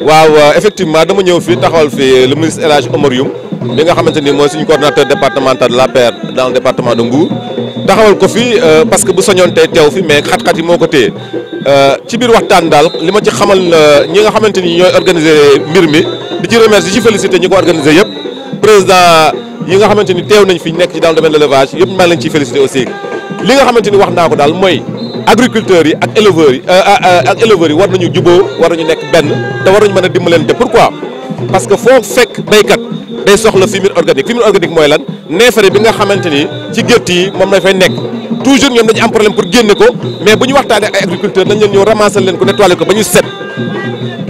waaw effectivement dama ñëw fii taxawal fii euh, le ministre El Hadj Omar Youm bi nga xamante ni mooy suñu coordonnateur départemental de l'APR dans le département de Mbour taxawal ko fi euh, parce que bu soñoon tey teew fi mais xat-xat yi moo ko téye euh, ci biir waxtaan daal li ma ci xamal ñi nga xamante ni ñooy organiser mbir mi di ci remercier ci féliciter ñi ko organiser yëpp président yi nga xamante ni teew nañ fi nekk ci dans le domaine de l'élevage yëpp maa aussi li nga xamante ni wax naa ko daal mooy. agriculteurs yi ak éleveurs yi euh, euh, euh, ak éleveurs yi war nañu juboo war nañu nekk benn te war nañu mën a dimbalante pourquoi parce que foo fekk béykat day soxla fumier organique fumier organique mooy lan neefere bi nga xamante ni ci gétt yi moom la fay nekk toujours ñoom dañu am problème pour génne ko mais bu ñu waxtaanee ay agriculteurs nañ leen ñëw ramasser leen ko nettoyer ko ba ñu set.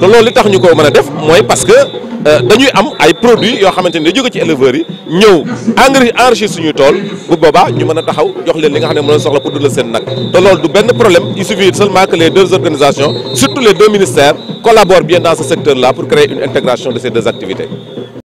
Donc, ce tax parce que euh, dañuy am ay produits qui sont ni da nous ci éleveurs yi ñëw engrais enrichir suñuy tool bu ñu a taxaw jox pour du problème il suffit seulement que les deux organisations surtout les deux ministères collaborent bien dans ce secteur là pour créer une intégration de ces deux activités